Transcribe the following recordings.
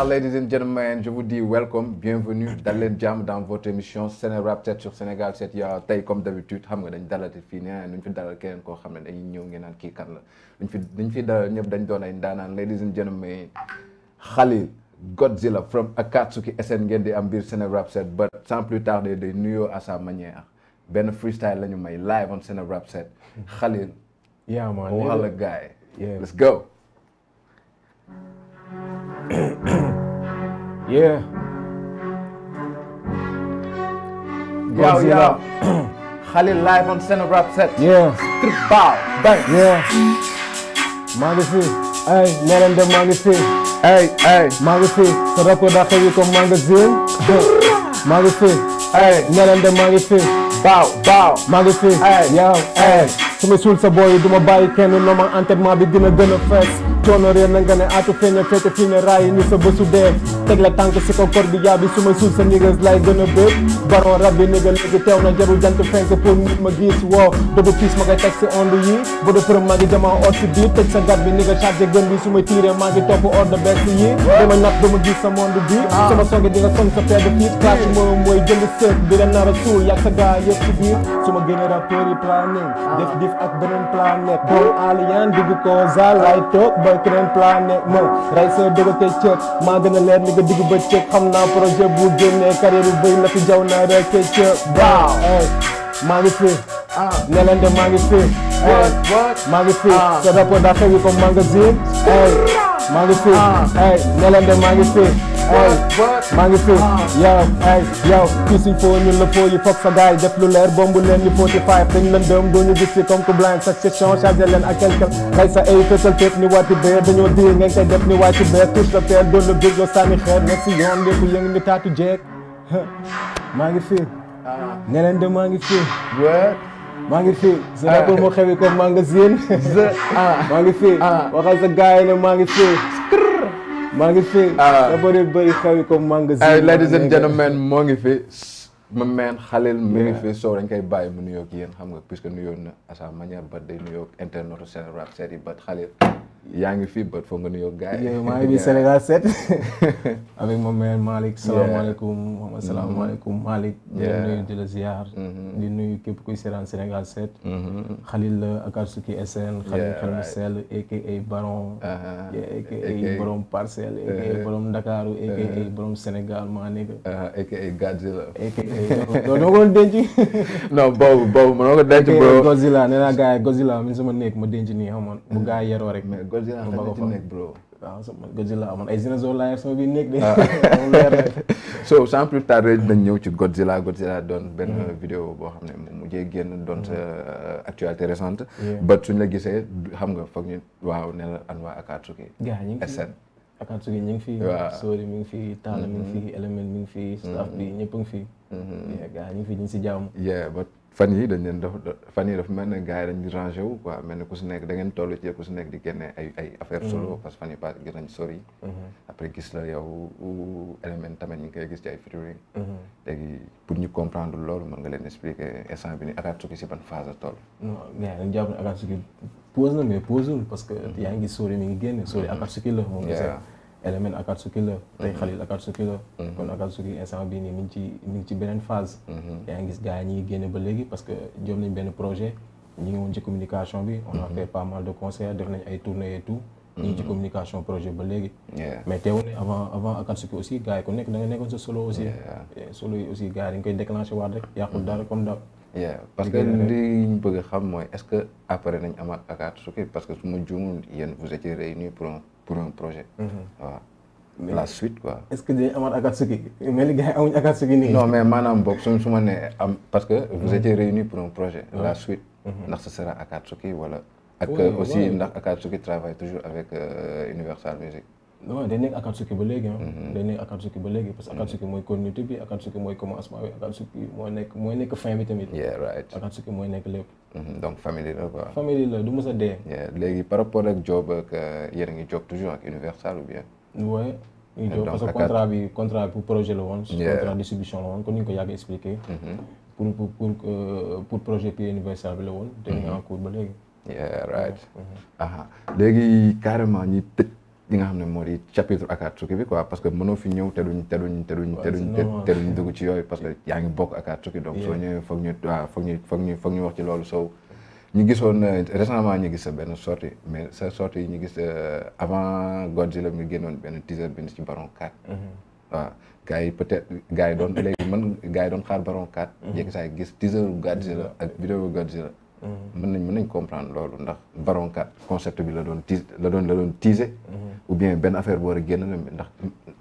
Bonsoir ladies and gentlemen, je vous dis welcome, bienvenue dal leen jàmm dans votre émission Sénérap 7 sur Sénégal 7 yaa tey comme d'habitude xam nga dañ dalati fii ne nu ñu fi dalal keneen koo xam ne dañ ñëw ngeen naan kii kan la dañ fi dañ fi dalal ñëpp dañ doon ay ndaanaan ladies and gentlemen Khalil Godzilla from Akatsuki SN ngeen di am biir Sénérap 7 but sans plus tarder day nuyoo à sa manière benn freestyle la ñu may live on Sénérap 7 Khalil. yaa ma ne la waxal yeah. Yo, yo. Khalil live on Cenograph set. Yeah. Yeah. maa ngi fi. ay nee leen de maa ngi fi. ay maa ngi fi. sa rakk daa xew yi comme magazine. maa ngi fi. ay nee leen de maa ngi fi. baaw baaw. maa ngi su ma suul sa booy yi du ma bàyyi kenn noo ma entraînement bi dina gën a fees. coono réer na nga ne aatu feeña feete fii ne raay ni sa bësu dee teg la tànk si ko kor bi yaa bi su a ah. ma gis woo dobu piis ma koy teg si onde yi ba do përëm maa ngi jamaa or si biir teg sa gat bi nigga gën bi su may tiiree maa ngi topp ordre bes yi dama nat dama gis sa monde bi sama songe di nga song sa feebu piis classe moom mooy jënd sëf bi la nar a suul yàgg sa gaa yëpp si biir su ma génne yi planning ah. def dif ak beneen planète boo alien dugg ko ba keneen plané ma rey sa dëgate cër maa a leer ni nga digg ba cëg xam naa projet bu génnee carrière bu bëy na fi jaw naa reke cë waaw maa ngi fi ah. ne leen de maa ngi fi maa ngi fi ah. sa ngi ah. ay maa ngi fi ah. yow ay yow kii si foo ñun la foo yi foog sa gaay def lu leer bombu leen ñu forty five dañ leen dëm doo gis si comme que blind sa section chargé leen ak quelque xëy sa ay fësal ni waati beer dañoo dii ngeen koy def ni waati beer touche la peer doon la bég loo xeer nekk si yoon lépp yëng ni taatu jeeg maa ngi fi ah. ne leen de maa ngi fi maa ngi fi je rappelle ah. moo maa ngi fi sa gaay ne maa fi maa ngi fi. dafa ah. doon bëri xew yi comme magasin. ladies and gentlemen moo ngi fi. ma meen xaleel mi ngi fi soo dañ koy bàyyi mu nuyoog yéen xam nga puisque nuyoog na à sa manière ba day nuyoog internet Sénégal seet yi ba Khalil. yaa ngi fi but foog nga nuyoo gars yi. maa ngi Sénégal 7. avec mon mère Malick. salaamaaleykum mm-hmm. salaamaaleykum Malick. di nuyu di la ziar. Mm-hmm. di nuyu képp kuy seetaan Sénégal 7. Mm-hmm. Khalil la euh, Akatsuki SN. Khalil Khelmu Sell aka Baron. Uh-huh. aka Borom Parcelles. aka uh-huh. Borom Dakaru aka uh-huh. Borom Sénégal maa nekk. aka Godzilla. aka nee naa gars yi Godzilla sama nekk ma denc nii xam bu gars yi rek. Godzilla xaj na ci nekk bro. waaw ah, sama Godzilla amoon ay dinosaures laa yor sama biir nekk de. Ah. so sans plus tarder dañ benn mm-hmm. vidéo boo xam ne mu mujjee génn doon sa mm-hmm. euh, actualité récente. ba suñ la gisee xam nga foog ñu waaw ne la Anwar Akatsuki. gaa ñu ngi fi SN. Akatsuki ñu ngi fi. waaw Sori mi ngi fi Talla mi ngi fi mm-hmm. Element mi fi. staff bi ñëpp a ngi fi. gaa ñu ngi fi ñu fan yi dañ leen def fan yi dafa mel ne yi dañ di rangé wu quoi ku si nekk da ngeen toll ci ku si nekk di génne ay affaire mm-hmm. solo parce fan yi pass gis nañ sori mm-hmm. gis la yow élément ñu ngi koy gis ci ay featuring mm-hmm. léegi ñu comprendre loolu mën nga leen expliquer instant bi ni Akatsuki si ban phase la toll non gars pose na mais poseul parce que yaa ngi gis sori mi ngi génne sori Akatsuki la moom Element Akatsuki la. tey mhm. Khalil Akatsuki la. Mhm. kon Akatsuki instant bii nii mi ngi ci mi ngi ci beneen phase. Mhm. yaa ngi gis gars génne ba léegi parce que jëm nañ benn projet ñu ngi woon ci communication bi. on a fait pas mal de concerts def nañ ay tournées et tout. ñu ngi ci communication projet ba léegi. mais teewul ne avant avant Akatsuki aussi nekk da nga nekkoon sa solo aussi. Eh, solo yi aussi gars yi koy déclenché waat rek yàqul dara comme daaw. parce que li ñu bëgg xam mooy est-ce que après nañ amaat Akatsuki parce que su ma juumul yéen pour un projet. waaw mhm. ah. la suite quoi. est-ce que dañuy amaat Akatsuki mais li gars yi amuñu Akatsuki nii. non mais maanaam boog su su ma nee am parce que vous mhm. étiez réunis pour un projet. la suite. Mhm. ndax ce sera Akatsuki wala. ak euh, aussi ndax Akatsuki travaille toujours avec euh, Universal Music. non dañ nekk Akatsuki ba léegi ah. Mhm. dañ nekk Akatsuki ba léegi parce que mhm. Akatsuki mooy continuité bi Akatsuki mooy commencement bi Akatsuki mooy nekk mooy nekk fin bi tamit. yeah right Akatsuki mooy nekk lépp. Mhm, donc famille la quoi. famille la du mës a dee. léegi par rapport ak job ak euh, yéen a ngi job toujours ak Universal ou bien. oui ñu ngi job parce que contrat bi contrat bi pour projet la woon. contrat distribution la woon kon ni ñu ko yàgg expliqué. pour pour pour euh, pour projet P Universal bi la woon. te ñu ngi en cours ba léegi. yeah right. léegi carrément ñi tëj. li nga xam ne moo di chapitre Akatsuki bi quoi parce que mënoo fi ñëw te duñ te duñ te duñ te duñ te duñ dugg ci yooyu parce que yaa ngi bokk Akatsuki donc soo ñëwee foog ñu waaw foog ñu foog ñu foog ñu wax ci loolu sow ñu gisoon euh, récemment ñu gis sa benn sortie mais sa sortie ñu gis euh, avant Godzilla nga génnoon benn teaser benn ci Baron 4 mm-hmm. waaw gars yi peut-être gars yi doon léegi man gars yi doon xaar Baron 4 yéegi saay gis teaser Godzilla ak vidéo Godzilla mën nañ mën nañ comprendre loolu ndax baronkat concept bi la doon tiis la doon la doon tiise mhm. ou bien benn affaire boo war a génn bi ndax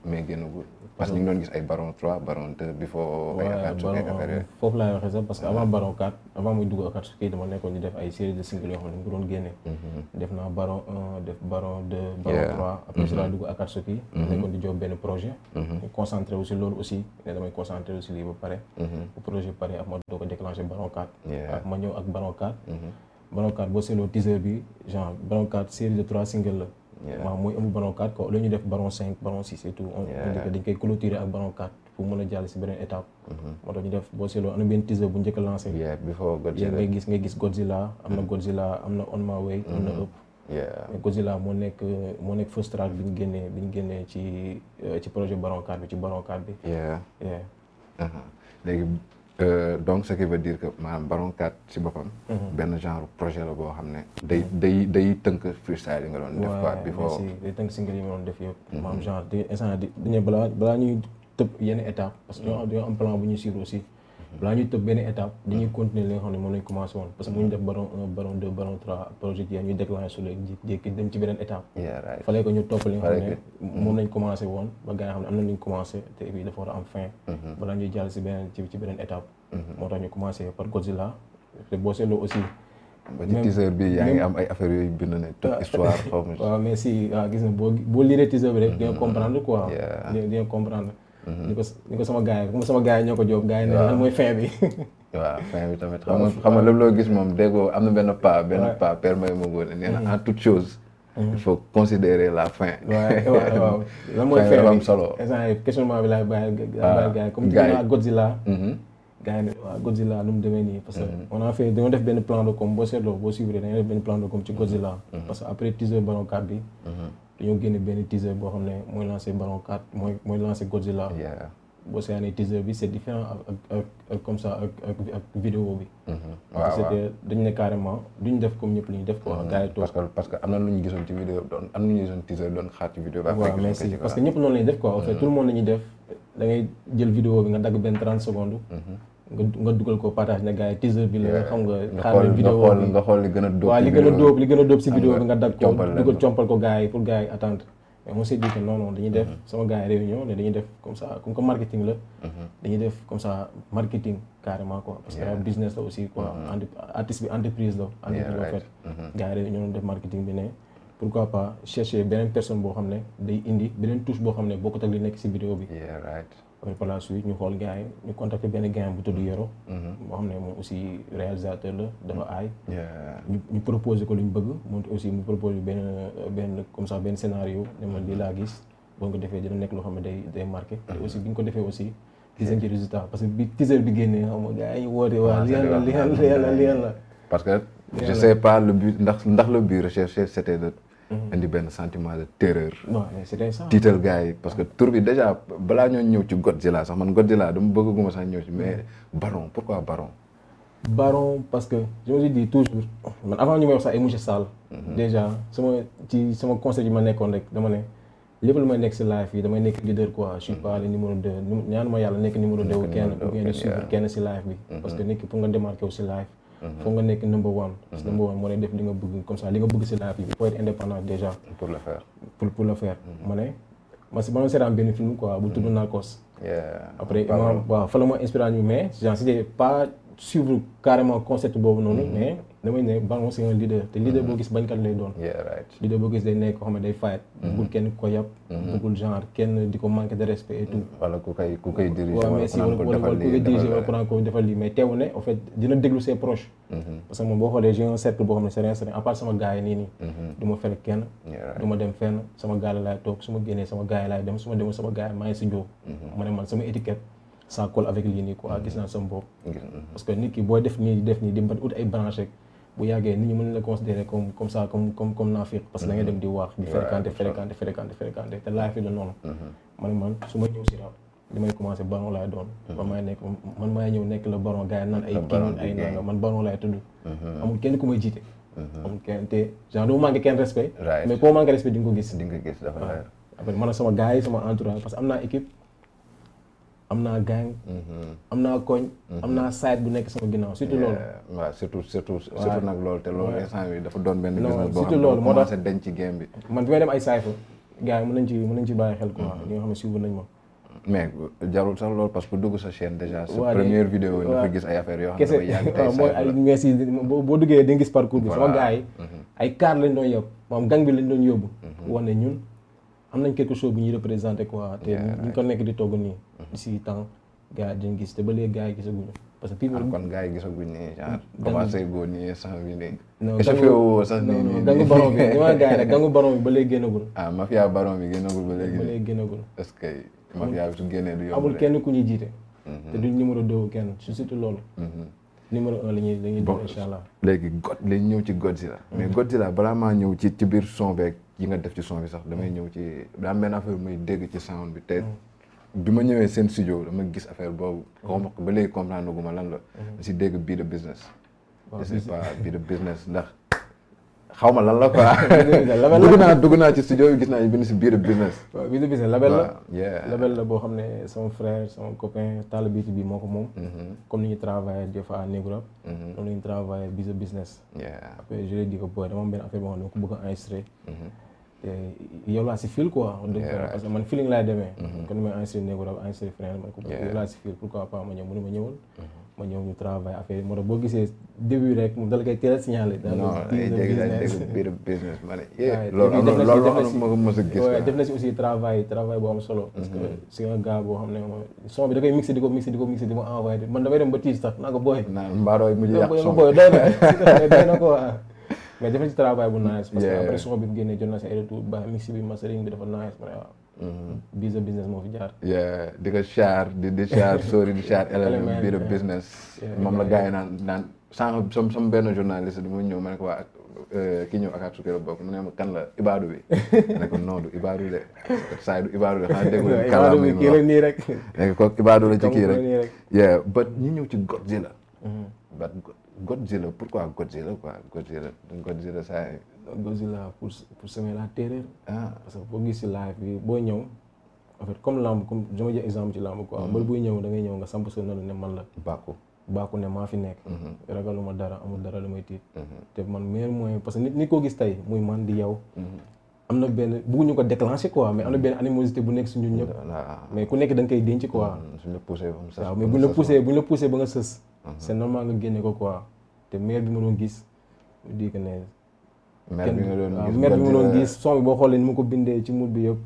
mais génnagul parce que ñu gis ay baron 3 foofu laay waxee sax parce que avant baron 4 avant muy dugg ak dama nekkoon di def ay série de singles yoo xam ne mu ko doon génne. Mm-hmm. def naa baron 1 def baron 2. baron 3 après si mm-hmm. laa dugg ak Akatsuki. Mm-hmm. nekkoon di job benn projet. ñu concentré aussi loolu aussi ne damay concentré aussi lii ba pare. bu projet pare ak ma doo ko déclenché baron 4. ak ma ñëw ak baron 4. boo seetloo teaser bi genre baron 4 série de 3 singles la. waaw mooy amul baron 4 quoi la ñu def baron 5 baron 6 et tout on dañ koy clôturer ak baron 4 pour mën a jàll si beneen étape mm-hmm. moo tax ñu def boo seetloo am na benn teaser bu njëkk a lancé ngay gis ngay gis am na mm-hmm. Godzilla am na On My Way am na mm-hmm. ëpp mais moo nekk moo nekk first track bi ñu génnee bi ñu génnee ci euh, ci projet baron 4 bi ci baron 4 bi léegi Euh, donc ce qui veut dire que maanaam Baron 4 si boppam. Mhm. benn genre projet la boo xam ne. day day day tënk freestyle yi nga doon def. quoi bi foo day tënk single yi def yëpp. maanaam mhm. genre di instant di dañuy balaa balaa ñuy tëb yenn étape. parce que mhm. ñoo am dañoo bu ñuy suivre aussi. balaa ñuy tëb benn étape dañuy continuer li nga xam ne moom lañ commencé woon parce que mu ñu def baron deux baron trois projet yi ñuy déclenché su léegi jékki dem ci beneen étape fallait que ñu topp li xam ne moom lañ commencé woon ba gars xam ne am na lu ñu te et dafa war a am fin mm-hmm. balaa ñuy jàll si ci beneen étape mm-hmm. moo tax ñu commencé par Godzilla te boo seetloo aussi ba ci bi yaa ngi am ay affaire yooyu bind ne toute ah. histoire waaw Mhm. ni ko ni ko sama gars yi comme sama gars yi ñoo ko bi waaw bi tamit xam nga xam nga lépp loo gis moom déggoo am na benn pas benn pas père may ma góone nee na en toute chose il faut la fin. waaw waaw lan mooy fin bi am solo. instant questionnement bi laay bàyyi gars ah, yi comme gars yi Godzilla. Mhm. gars yi ne waaw Godzilla nu mu demee nii. parce que mhm. on a fait dañoo def benn plan de com boo seetloo boo suivre dañoo def benn plan de com ci Godzilla. parce que après teaser Ballon 4 bi. dañoo génne benn teaser boo xam ne mooy lancé Baron 4 mooy mooy lancé Godzilla. boo seetaanee teaser bi c' différent ak ak comme ça ak ak ak bi. Mm-hmm. waaw ne carrément duñ def comme ñëpp li def. Mm-hmm. quoi parce que am na lu ñu gisoon ci vidéo doon am na ñu gisoon teaser doon xaar ci vidéo. waaw merci parce que ñëpp noonu la def quoi. en mm-hmm. tout le monde la def da jël vidéo bi nga dagg benn 30 secondes. nga nga dugal ko partage na gars yi teaser bi la xam nga. xaaral vidéo bi nga xool li gën a dóob. waaw li gën a dóob li gën a dóob si vidéo bi nga dag ko dugal compal ko gars yi pour gars yi attendre. mais on s'est dit que non non dañuy def mm-hmm. sama gars yi réunion ne dañuy def comme ça comme que marketing la. Mm-hmm. dañuy def comme ça marketing carrément quoi. parce que business la aussi quoi. Mm-hmm. artiste bi entreprise la. entreprise la fait gars yi réunion def marketing bi ne. pourquoi pas chercher beneen boo xam ne day indi beneen touche boo xam ne bokkut ak li nekk si vidéo bi. après par la xool gars yi ñu contacté bu tudd Yoro. Mm-hmm. boo xam ne moom aussi réalisateur la dafa aay. ñu ko lu ñu bëgg moom aussi benn benn comme benn scénario ne man lii laa gis boo ko defee dina nekk loo xam ne day day marqué. Mm-hmm. te aussi bi ñu ko defee aussi. gis nañ ci résultat parce que bi teaser bi génnee xam nga gars yi woote ah, waa li yàlla li yàlla li yàlla parce que je sais pas le ndax ndax le but recherché c'était de Mm-hmm. indi benn sentiment de terreur. non tiital gars yi parce que tur bi déjà balaa ñoo ñëw ci Godzilla sax man Godzilla dama bëgguma sax ñëw ci mais mm-hmm. Baron pourquoi Baron. Baron parce que je me suis dit toujours man avant ñu may wax sax ay monsieur Sall. Mm-hmm. déjà sama ci sama conseil yi ma nekkoon rek dama ne lépp lu may nekk si live yi damay nekk leader quoi je suis pas le numéro deux ñaanuma yàlla nekk numéro de suivre kenn si live bi. parce que nekk pour nga démarqué Mhm. foog nga nekk number one. que mhm. number one moo lay def li nga bëgg comme ça li nga bëgg si la vie il faut pour le faire mhm. ma ne ma si ma doon seetaan benn film quoi bu tudd Narcos. après waaw fa la ma inspiré ñu mais genre c'était pas suivre carrément concept boobu noonu mais. damay ne Ballon c'est un leader te leader boo mm-hmm. gis bañkat lay doon. leader boo gis day nekk koo xam ne day fayet. Mm-hmm. bëggul kenn ko yab. Mm-hmm. genre kenn di ko manquer de respect et tout. wala ku koy ku koy diriger. dina déglu ses proches. parce que boo xoolee j'ai un cercle xam ne sama gars nii nii. du ma kenn. du dem fenn sama gars la laay toog su ma génnee sama gars yi dem su ma demul sama gars yi si jóg. ma ne man sama étiquette. ça colle avec lii nii quoi gis naa sama bopp. parce que nit ki boo def nii def nii di mën ut ay branche bu yàggee nit ñi mën la considérer comme comme ça comme comme comme naafiq parce que da ngay dem di wax di fréquenter fréquenter fréquenter fréquenter te laaj fi la noonu mm-hmm. man man su ma ñëw si rab li may commencé baron laay doon man mm-hmm. maay nekk man maay ñëw nekk la baron gars yi naan ay kii ay nanga man baron laay tudd mm-hmm. amul kenn ku may jiite amul kenn te kenn respect mais koo manqué respect di ko gis di nga ko gis dafa leer après man sama gars yi sama entourage parce que am naa équipe am naa gang. Mm-hmm. am naa koñ. Mm-hmm. am naa site bu nekk sama ginnaaw surtout surtout nag loolu te loolu instant bi dafa doon benn business boo moo tax denc ci game bi. man bi ay site gars ci mën nañ mm-hmm. xam ne suivre nañ ma. mais jarul sax que dugg sa chaîne déjà. sa première vidéo nga fa gis ay affaires yoo xam ne dafay yàgg. tey mooy ay mees yi boo duggee lañ doon yóbbu maanaam gang bi lañ doon yóbbu. wane ñun. am nañ quelque chose bu ñu représenté quoi te ñu ko nekk di togg nii si mm-hmm. temps gars dañ gis te ba léegi gars yi gisaguñu parce que pii ah, kon gars yi gisaguñ nii genre commencé góor nii sans bi nii échauffé woo sax nii nii dangu baron bi yi ba léegi génnagul ah mafia baron bi génnagul ba léegi ba léegi génnagul parce que mafia bi su génnee du yomb amul kenn ku ñuy jiite mm-hmm. te ñu numéro deux kenn surtout loolu mm-hmm. numéro un la ñuy la ñuy def allah léegi god lañ ñëw ci Godzilla mais Godzilla balaa maa ñëw ci ci biir son beeg yi nga def ci son bi sax damay mm. ñëw ci daa mel affaire bi may dégg ci sound bi te mm. bi ma ñëwee seen studio dama gis affaire boobu mm. xawma ba léegi comprendre guma lan la si dégg bii de business c'est pas bii de ndax xaw ma lan la la dugg naa dugg naa ci studio bi gis naa ñu bind si bii de business waaw bii de label la boo xam ne sama frère sama copain Talla Biti bi moo ko moom mm-hmm. comme ni ñu travaillé des fois à Negro mm-hmm. comme ni ñu travaillé bii de business après dama am benn boo xam ne ko bëgg a yow laa si fil quoi. parce man feeling laay demee. Mm-hmm. kon ni may enregistré néegu rab enregistré man ko yow laa si fil pourquoi pas ma ñëw mu ne ma ñëwal. Mm-hmm. ma ñëw ñu travail affaire moo boo gisee début rek mu dal koy teel a daal di biir def na si aussi mm-hmm. da di ko mixé di ko mixé di ko envoyé man damay dem ba tiis sax naa ko booy. naa mbaa doy mujj yàq son doy na doy na mais def na ci travail bu nice. parce que après son bi mu génnee jot na si ba mix bi bi ma ne waaw. Mm-hmm. Biza business moo fi di ko di di char sori di char élément biir business. moom la gars yi naan naan sànq sam sam benn journaliste bi ma ñëw ma ne ko waa euh, ki ñëw ak ak su kër mu ne ma kan la Ibadou bi ma ne ko non du Ibadou de saa du Ibadou de xanaa déglu. Ibadou bi rek nii rek. nekk ko Ibadou la ci kii rek. ba ñu ñëw ci Godzilla. Mm-hmm. Godzilla pourquoi Godzilla quoi Godzilla Godzilla saa yi. Godzilla pour pour semer la terreur. ah parce que boo gis si live bi boo ñëw en fait comme lamb comme dama jël exemple ci lamb quoi. mbër mm. buy da ngay ñëw nga la. bàkku bàkku ne maa fi nekk. Mm-hmm. ragaluma dara amul dara mm-hmm. mm-hmm. am na benn bëgguñu ko déclencher quoi mais am na benn animosité bu nekk suñu ñëpp. mais ku nekk da nga koy denc quoi. suñu la ba nga sës. Mhm. c'est normal nga génne ko quoi te maire bi ma doon gis di que ne. maire bi gis maire boo xoolee ni mu ko bindee ci mut bi yëpp.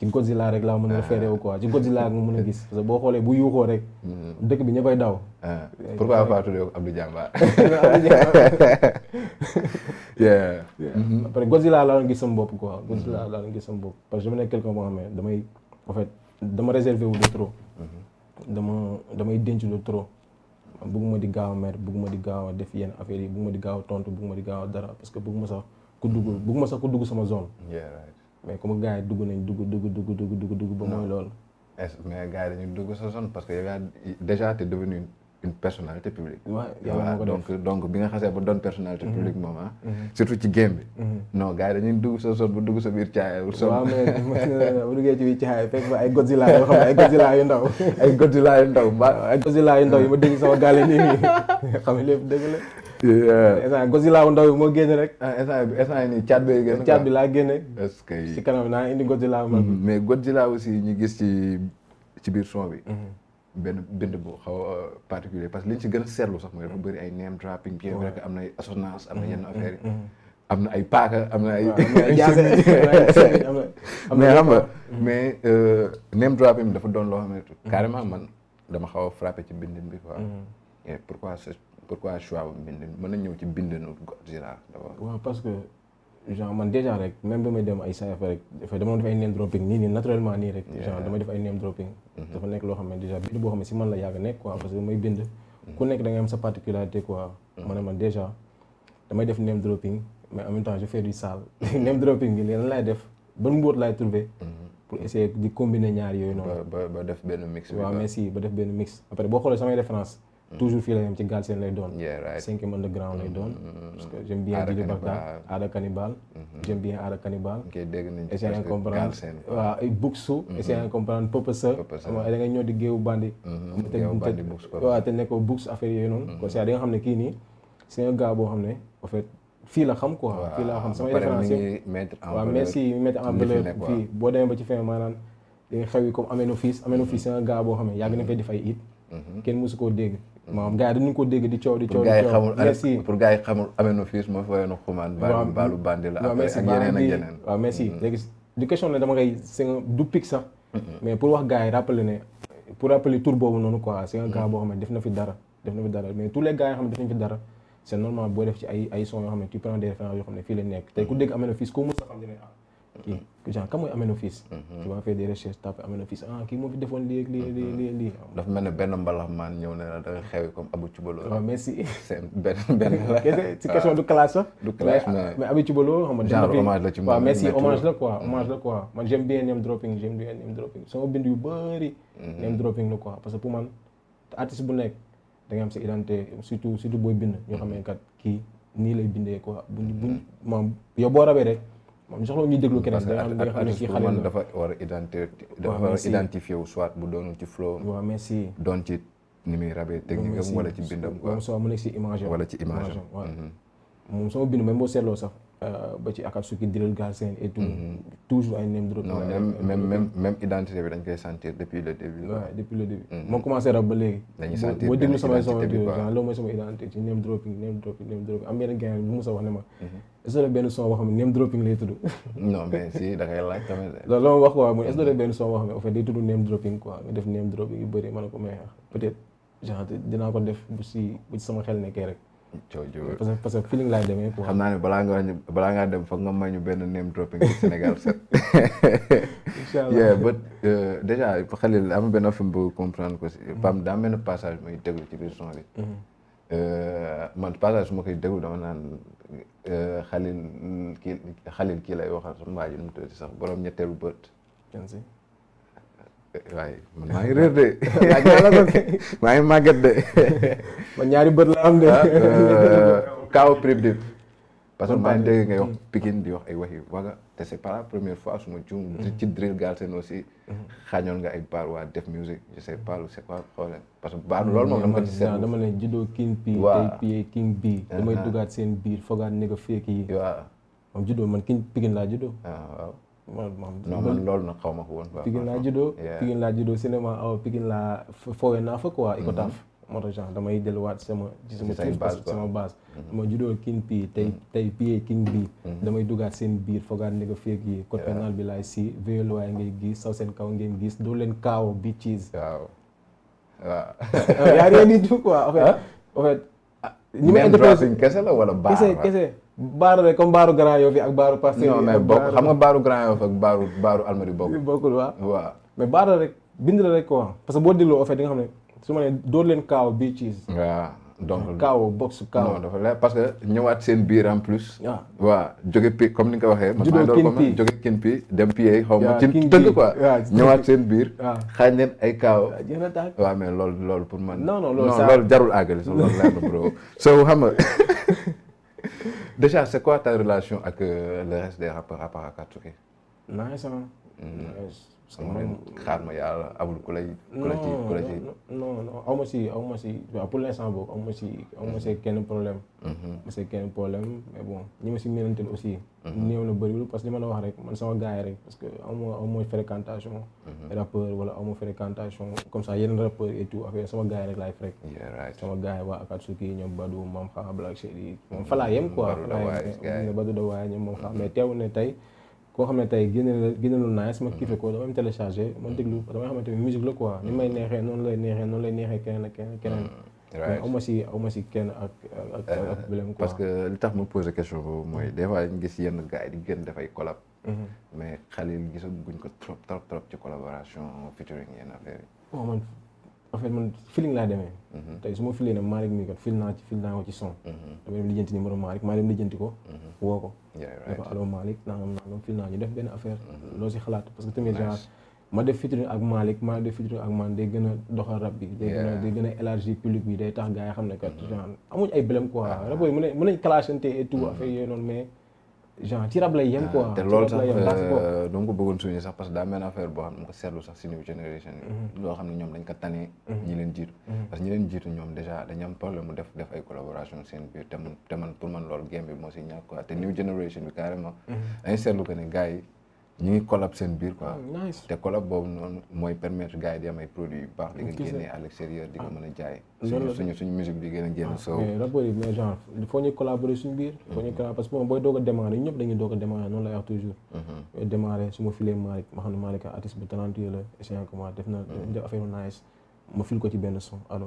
ci Godzilla rek laa mën a référé ah. wu quoi ci Godzilla rek mën gis boo xoolee bu yuuxoo rek. Mhm. dëkk bi ñëppay daw. Ah. pourquoi pas tuddee ko Abdou Diambar. Mhm. après Godzilla laa doon gis sama bopp quoi. Godzilla laa doon gis sama bopp parce que mu me nekk quelqu'un boo xam damay en fait dama réservé wu de trop. dama damay denc de trop. bugguma di gaaw a mer bugguma di gaaw a def yenn affaires yi bugguma di gaaw a tontu bugguma di gaaw a dara parce que bugguma sax ku dugg mm-hmm. bugguma sax ku dugg sama zone. mais comme gars yi dugg nañ dugg dugg dugg dugg dugg dugg ba mooy loolu. mais gars yi dañuy dugg sa zone parce que yow yaa déjà t'es devenu une personnalité publique. waaw donc donc bi nga xasee ba doon personnalité mhm. publique moom ah. Mhm. surtout ci game bi. Mhm. non gars yi dañuy dugg sa son bu dugg sa biir caaya. waaw mais bu ay Godzilla yoo xam ne yu ndaw. ay Godzilla yu ndaw ba ay Godzilla yu ndaw yi ma dégg sama gaale nii nii xam nga lépp dëgg la. instant ndaw bi moo génn rek. instant ah, instant nii caat bee génn. caat bi laa génne. est-ce que si kanam naa indi Godzilla. Mm-hmm. mais Godzilla aussi ñu gis ci ci biir son bi. Mm-hmm. benn bind bu xaw a particulier parce que li ñu si gën a seetlu sax mooy dafa bëri ay name dropping bien vrai am na ay assonance am na ay mm-hmm. affaire yi mm-hmm. am na ay paaka am na ay mais xam nga mm-hmm. mais euh, name dropping dafa doon loo xam ne carrément man dama xaw a ci bindin bi quoi et pourquoi pourquoi choix bu bindin mën na ñëw ci bindinu Godzilla d'abord genre man déjà rek même damay dem ay saaf rek dafa dama def ay name dropping nii nii naturellement nii rek. genre damay def ay name dropping. Mhm. dafa nekk loo xam ne déjà bind boo xam ne si man la yàgg nekk quoi parce mhm. sa particularité quoi. Mhm. ma ne man déjà damay def name dropping mais en même temps je fais du dropping bi lan laay def ban mbóot laay trouver. pour essayer di combiner ñaar yooyu noonu. ba ba def benn mix. waaw mais ba def benn mix après boo xoolee samay référence toujours fii la yem ci Galsen lay doon. cinquième underground lay doon. Mm-hmm. parce que j'aime bien Djily Barka Aada Cannibal. Mm-hmm. j'aime bien Aada Cannibal. ok dégg nañu ci essayer comprendre waaw ay Buxu. essayer comprendre Popesa. ko waaw te yooyu noonu. parce mm-hmm. que nga xam ne kii nii c'est un gars boo xam ne en fait. fii la xam quoi fii la xam samay référence waaw merci mettre en valeur fii boo demee ba ci fin maanaam day xew yi comme Amène Office Amène Office c'est un gars boo xam ne yàgg na fay di fay it kenn mosu koo dégg moom gars yi dañu ko dégg di coow di coow di coow merci pour gars yi xamul Amenophis moo fooyee na xumaan baalu bandi la après ak yeneen ak yeneen waaw merci mm-hmm. léegi du mm-hmm. mm-hmm. fi dara def normal boo def ci ay son yoo xam ne tu prends des références yoo xam ne fii la nekk tey ku dégg Amenophis ko mos a xam ne ah, kii genre kan mooy Ameno Fils. tu vas faire des recherches tapé Ameno Fils ah kii moo fi defoon lii lii lii lii. dafa mel ne benn mbalax maan ñëw ne la da nga xew comme Abou Cubalo. waaw merci. c'est benn benn la. si question du classe sax. du classe mais mais Abou Cubalo xam nga. genre hommage la ci moom waaw merci hommage la quoi hommage la quoi man j'aime bien name dropping j'aime bien name dropping sama bind yu bëri. Mhm. name dropping la quoi parce que pour man artiste bu nekk da nga am sa identité surtout surtout booy bind. ñoo xam ne kat kii nii lay bindee quoi buñ buñ maam yow boo rabee rek. moom soxla ñuy déglu keneen da nga xam ne kii dafa war a a identifier wu soit bu doonul ci flow waaw merci doon ci ni muy rabee technique am wala ci bindam quoi moom soo mu nekk si image wala ci image am waaw mhm. moom sama bind même boo seetloo sax Euh, ba ci Akatsuki Drill Garden et tout. Mm-hmm. toujours ay name drop. non identité bi dañ koy sentir depuis le début. waaw depuis le début. Mm-hmm. moo ba léegi. boo déglu sama sama identité ci name dropping name dropping name dropping am yeneen mu sa benn son boo xam name dropping lay tudd. non da ngay laaj tamit. loolu la ma wax quoi mooy est-ce que benn son boo xam name dropping quoi nga def name dropping yu bëri ma ko may ah, peut-être ko def bu si bu ci sama xel nekkee rek. jooju parce que feeling laay demee quoi. xam naa ne bala nga balaa ngaa dem foog nga may ñu benn name dropping ci senegal set. incha allah yeah but euh, dèjà Khalil am benn film bu comprendre ko si. Mm-hmm. PAM daa mel passage muy déglu ci biir son bi. Mm-hmm. Euh, man passage su ma koy déglu dama naan euh, Khalil kii Khalil kii lay waxal sama waa ji sax borom ñetteelu bët. waaye man maa ngi réer de. maa ngi màgget de. man ñaari bët la am de. Ah, euh, que maa ngi dégg ngay wax mm. di wax ay waxi waga te c'est pas première fois su ma mm. ci drill Galsen aussi. Mm-hmm. xañoon nga ay baar waa def music je sais pas lu c'est quoi problème parce que baar mm, loolu moom dama ko ci seetlu. dama leen juddoo king pii tey pii king dugaat seen biir foogaat ne ko féeki yi. waaw moom man king Pikine laa juddoo. Ah, non man loolu nag xaw ma ko woon quoi. Pikine laa juddoo Pikine laa juddoo cinéma aw Pikine laa foowe naa fa quoi. Mhm. Icotaf moo tax genre damay delluwaat sama. ci ma mhm. juddoo king pii tey mhm. tey pii king bii. damay duggaat seen biir foogaat ne ko feeg yi. code pénal bi laay si viol ngay gis saw seen kaw ngeen gis doo leen kaaw bi cheese. waaw yaa ngi leen di quoi en ni may interpellé kese la wala baar kese kese baar rek Grand Yoff ak baaru Pastef non mais bokk xam nga baaru Grand Yoff ak baaru baaru Almadies bokkul bokkul waaw waaw mais baar rek bind la rek koo parce que boo delloo en fait di xam ne su ma nee door leen donc kaw box kaw dafa leer parce que ñëwaat seen biir en plus. waa ah. waaw pi comme ni nga ko waxee. judo kin pi jóge kin pi dem pi yeeg xaw ma ci tëgg quoi. ñëwaat seen biir. waaw ah. xaañ leen ay kaw. Ah, waaw mais loolu loolu pour man. non non jarul àggali sax loolu leer xam nga déjà c'est quoi relation ak euh, le reste des rappeurs à part Akatsuki. nice sama leen oh. xaar ma yàlla amul ku lay. ku la ci ku la ci non non aw ma si aw ma si waaw pour l' instant boobu aw ma si aw ma mhm. si kenn problème. Mhm. ma si kenn problème mais bon ñi ma si miinanteel aussi. Mhm. néew na bëriwul parce que li ma la wax rek man sama gars yi rek parce que aw ma aw ma fréquentation. rappeur wala aw ma fréquentation comme ça yeneen rappeur et tout affaire sama gars yi rek laay frek. sama gars yi waa Akatsuki ñoom Badou Mam Xa Black Chéri moom fa laa yem quoi. Badou Dawaay ñoom Mam Xa mais teew na tey. koo xam ne tey génne la génnelul nice ma mhm. kiife ko damay téléchargé man mhm. déglu damay xamante ni musique la quoi ni may mhm. neexee noonu lay neexee noonu lay neexee keneen ak keneen ak ak ak problème euh, quoi parce que li tax ma posé question boobu mooy des fois dañu gis yenn gars yi di gën dafay collab mais Khalil gisaguñ ko trop trop trop ci collaboration featuring yenn affaires yi en fait man feeling laa demee. Mhm. tey su ma filee ne mii kat fil naa ko ci son. Mhm. dama dem lijjanti numéro Malick maa dem lijjanti ko. Mhm. woo ko. ne ko allo Malick nangam nangam naa ñu def benn affaire. loo si xalaat parce que tamit genre ma def featuring ak Malick ma def featuring ak man day gën a doxal rab bi. day gën a day public bi day tax gars yi xam ne kat genre amuñ ay blème quoi. waaw ah. rab yooyu mën nañ mën nañ clashante et tout affaire yooyu noonu mais. genre ci rab lay yem quoi. te loolu sax euh, dama ko bëggoon suñu sax parce que daa mel affaire boo xam ne ko seetlu mhm. ne ñoom dañ ko tane. Mhm. ñi leen jiitu. Mhm. parce jiitu ñoom déjà dañu am problème mu def def ay collaboration seen biir te man te man pour man loolu game bi moo si ñàkk quoi te new generation bi carrément. dañu seetlu que ne gars yi. ñu ngi collab seen biir quoi. Ah, te collab boobu noonu mooy permettre gars yi di am ay produits yu baax. di nga génnee à l'extérieur di nga ah. mën a jaay. suñu a ah, ñu collaborer suñu biir. il ñu mhm. collaborer parce que booy doog a démarrer ñëpp dañuy doog a démarrer noonu lay wax toujours. Mhm. démarrer su ma filee Malick ma xam ne Malick artiste bu talentueux la échange comment def na. Mhm. def ko ci benn son allo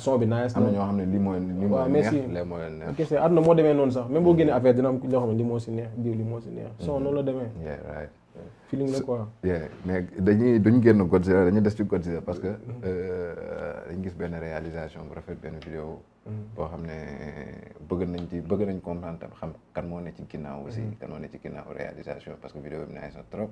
son bi nice am na ñoo xam ne lii mooy lii mooy neex lii mooy neex kese àdduna moo demee noonu sax même boo génnee affaire dina am ñoo xam ne lii moo si neex diw lii moo si neex son mm-hmm. noonu la demee yeah right feeling la quoi mais dañuy duñ génn Godzilla dañuy des ci Godzilla parce que mm-hmm. euh, dañ gis benn réalisation bu rafet benn vidéo mm-hmm. boo xam ne bëgg nañ ci bëgg nañ comprendre tam xam kan moo ne ci ginnaaw aussi kan moo ne ci ginnaaw réalisation parce que vidéo bi nice na trop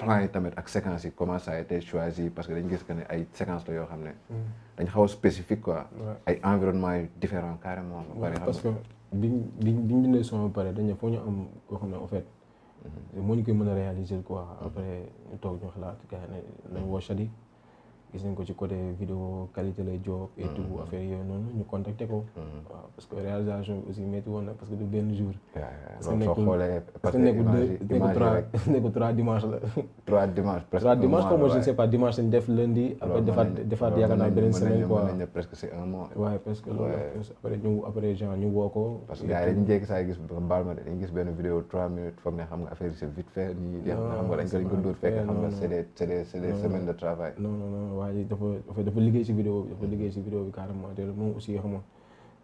plan yi tamit ak séquence yi comment ça a été choisi parce que dañ gis que ne ay séquence la yoo xam ne. Mm. dañ xaw a spécifique quoi. ay environnement yu différent carrément. parce que biñ biñ biñ bindee son ba pare dañu foo ñu am koo xam ne en fet mm-hmm. moo ñu koy mën a réaliser quoi mm-hmm. après ñu toog ñu xalaat gars yi nañ woo Chadi gis nañ ko ci côté vidéo qualité lay job et mm-hmm. tout affaire yooyu noonu ñu contacté ko mm-hmm. waaw parce que réalisation bi aussi métti woon na parce que du benn jour parce que parce que nekkul deux nekkul trois nekkul trois la trois dimanche presque trois dimanche comme je ne sais pas dimanche lañ def lundi. après defaat defaat yaakaar naa beneen semaine quoi mën nañ presque c'est un mois. waaw presque loolu après ñu après genre ñu woo ko. parce que gars yi dañu jékki saa gis baal ma dañu gis benn vidéo trois minutes foog ne xam nga affaire yi c'est vite fait. nii xam nga dañ ko dañ ko dóor fekk xam nga c'est des c'est des c'est des semaines de travail. non non non waaye dafa dafa liggéey si vidéo bi dafa liggéey si vidéo bi carrément te moom aussi xam nga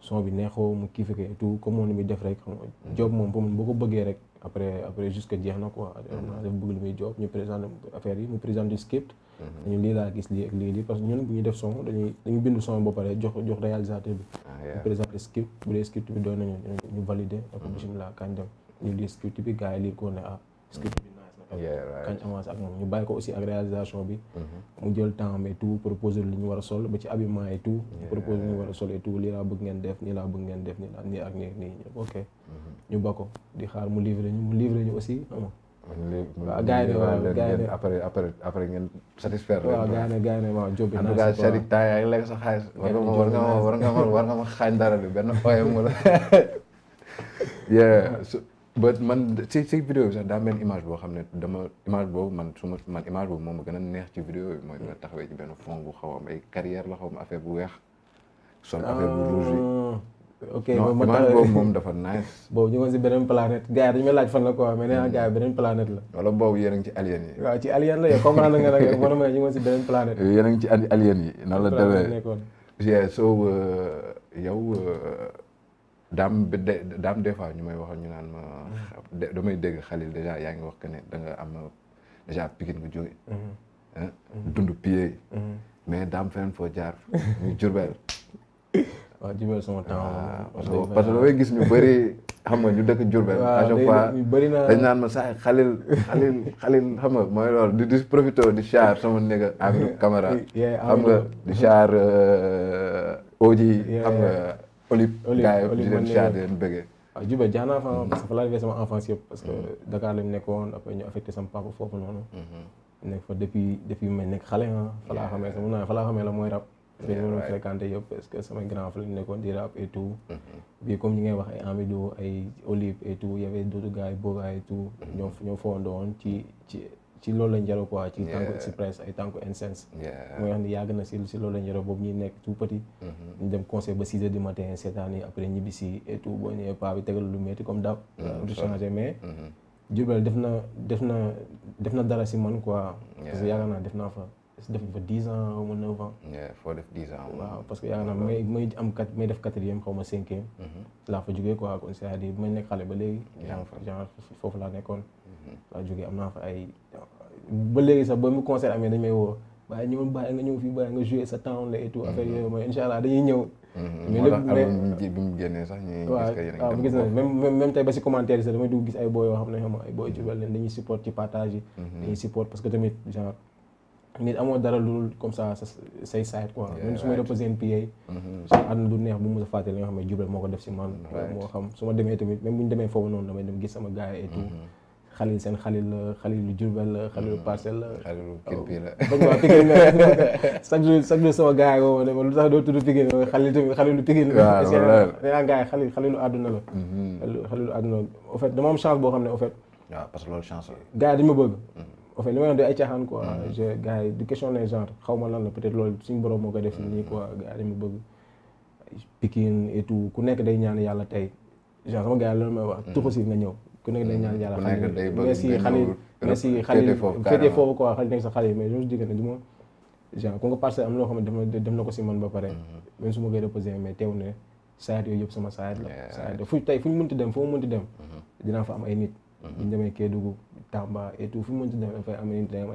son bi neexoo mu kii fekkee tout comme moom ni muy def rek xam nga mm. job moom boo ko bëggee rek après après jusque jeex na quoi. dafa bëgg lu muy job ñu présenté affaire yi mu présenté du script. Mhm. ñu lii laa gis lii lii lii parce que ñun bu ñuy def son dañuy dañuy son ba jox réalisateur bi. Ah, ñu présenté script bu dee script bi doon nañu ñu validé. ak mhm. bisimilah kañ dem ñu lii script bi gars yi lii ko ne ah script kañ avance ak moom ñu bàyyi ko aussi ak réalisation bi mhm. mu jël temps et proposer li ñu war a sol ba ci habillement et proposer li ñu war a sol et lii laa bëgg ngeen def nii laa bëgg ngeen def nii laa nii ak nii nii ok mhm. ñu ba di xaar mu livrer ñu aussi ama waaw gars après ngeen satisfaire waaw gars yi ne sa xaalis war nga ma war xaañ dara bi benn oye mu la ba man ci ci vidéo bi sax daa benn image boo xam ne dama image boobu man su ma man image boobu moom ma gën a neex ci vidéo bi mooy nga taxawee ci benn fond bu xaw am ay carrière la xaw ma affaire bu weex. sol affaire bu rouge yi. Ah, ok moom ma taxawee boobu moom dafa nice. boobu ñu ngi si beneen planète gars yi dañu may laaj fan la quoi mais nee naa gars yi beneen planète la. wala boobu yéen a ngi ci alien yi. waaw ci alien la yow comprendre nga nag yow man ma ñu ngi si beneen planète. yéen a ngi ci alien yi. noonu so euh, yow. Euh, daam daam des fois ñu may wax ñu naan ma. damay dégg Khalil dèjà yaa ngi wax que ne da nga am dèjà Pikine nga jóge. dund pied. Mm-hmm. mais foo jaar ñu Diourbel. waaw Diourbel sama temps ah, parce que gis ñu bëri xam nga ñu dëkk Diourbel. à chaque fois dañ naan ma saa Khalil Khalil Khalil xam di di profité di char sama néeg Amadou di char Oji euh, xam olib gars yi di leen ah, fa parce que fa laa defee sama enfance yëpp parce que hmm. Dakar lañ nekkoon après ñu affecté sama papa foofu noonu hmm. nekk fa depuis depuis may nekk xale ah fa xamee sa mun naa fa xamee la mooy rap parce que ñu doon fréquenté yëpp parce que samay grand fa lañ nekkoon di rap et tout hmm. bii comme ñi ngay wax ay Amido ay Olib et tout y avait d'autres gars yi Boga et tout ñoo ñoo foondoon ci ci ci loolu lañ jaroo quoi ci tànku express ay tànku incense mooy xam ne yàgg na si si loolu lañ jaroo boobu ñuy nekk tout petit mm-hmm. ñu nekk conseil ba six heures du ñibbi si bi tegal lu métti comme daaw du mm, changé mais mm-hmm. def na def na def na dara si man quoi parce que yaakaar naa def naa fa def fa dix ans xaw ma neuf ans. foo def dix waaw parce que yaakaar naa may may am kat def quatrième xaw ma cinquième. Mm-hmm. laa fa jugee quoi kon c'est-à-dire bu may nekk xale ba léegi. foofu laa nekkoon. laa jugee am naa fa ay ba léegi sax ba mu concert amee dañ may woo bàyyi nga bàyyi nga joué sa temps la et affaire yooyu mooy incha allah dañuy ñëw. Mm-hmm. mais bi mu génnee sax ñu a ngi dem même mm-hmm. même su may reposé mm-hmm. NPA. su ma demee tamit même bu demee foofu noonu damay dem gis sama gars yi xalil seen xalil la xalilu Jurbel ah, oh. la xalilu Parcelles la. xalilu Kirpi la waaw Pikine chaque jour chaque jour lu tax doo tudd la. waaw loolu la gars yi xalil xalilu àdduna mhm. àdduna la en dama am chance boo xam ne en fait. waaw parce que loolu chance la. gars yi dañu ma bëgg. en mhm. fait li may wax de ay caaxaan quoi. Mhm. je yi di questionner genre xaw ma lan la peut-être loolu suñu borom moo ko def nii quoi gars yi dañu ma bëgg. Pikine et ku nekk day ñaan yàlla tey genre sama gars yi loolu may wax. tuxu nga ñëw ku nekk day ñaan yàlla xale yi Messi xale yi Messi xale yi féete foofu quoi xale yi nekk xale yi mais je dis parce que am loo xam ne dem na ko si man ba pare mm-hmm. même su ma koy reposé mais teew ne saayat yooyu yëpp sama saayat la saayat la fu tey dem foo mm-hmm. fa am ay nit mm-hmm. buñu demee am ay nit day am